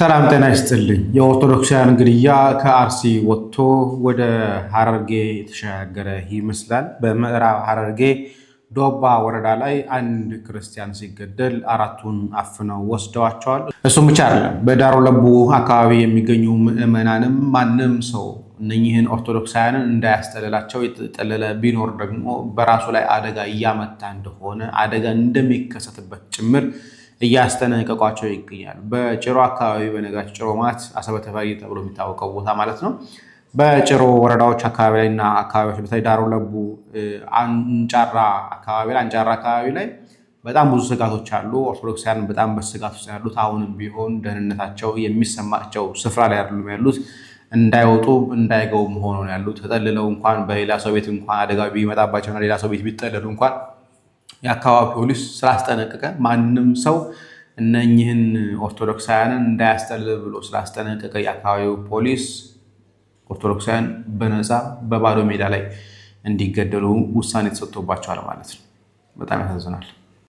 ሰላም ጤና ይስጥልኝ። የኦርቶዶክሳውያን ግድያ ከአርሲ ወጥቶ ወደ ሀረርጌ የተሸጋገረ ይመስላል። በምዕራብ ሀረርጌ ዶባ ወረዳ ላይ አንድ ክርስቲያን ሲገደል አራቱን አፍነው ወስደዋቸዋል። እሱም ብቻ አይደለም፣ በዳሮ ለቡ አካባቢ የሚገኙ ምዕመናንም ማንም ሰው እነኚህን ኦርቶዶክሳውያንን እንዳያስጠልላቸው የተጠለለ ቢኖር ደግሞ በራሱ ላይ አደጋ እያመታ እንደሆነ አደጋ እንደሚከሰትበት ጭምር እያስጠነቀቋቸው ይገኛሉ። በጭሮ አካባቢ በነጋች ጭሮ ማለት አሰበ ተብሎ የሚታወቀው ቦታ ማለት ነው። በጭሮ ወረዳዎች አካባቢ ላይ እና አካባቢዎች በተለይ ዳሮ ለቡ፣ አንጫራ አካባቢ ላይ አንጫራ አካባቢ ላይ በጣም ብዙ ስጋቶች አሉ። ኦርቶዶክሳውያን በጣም በስጋት ውስጥ ያሉት አሁንም ቢሆን ደህንነታቸው የሚሰማቸው ስፍራ ላይ አይደሉም ያሉት እንዳይወጡ እንዳይገቡ ሆኖ ያሉት። ተጠልለው እንኳን በሌላ ሰው ቤት እንኳን አደጋ ቢመጣባቸውና ሌላ ሰው ቤት ቢጠለሉ እንኳን የአካባቢ ፖሊስ ስላስጠነቀቀ ማንም ሰው እነኝህን ኦርቶዶክሳውያንን እንዳያስጠል ብሎ ስላስጠነቀቀ የአካባቢው ፖሊስ ኦርቶዶክሳውያን በነፃ በባዶ ሜዳ ላይ እንዲገደሉ ውሳኔ ተሰጥቶባቸዋል ማለት ነው። በጣም ያሳዝናል።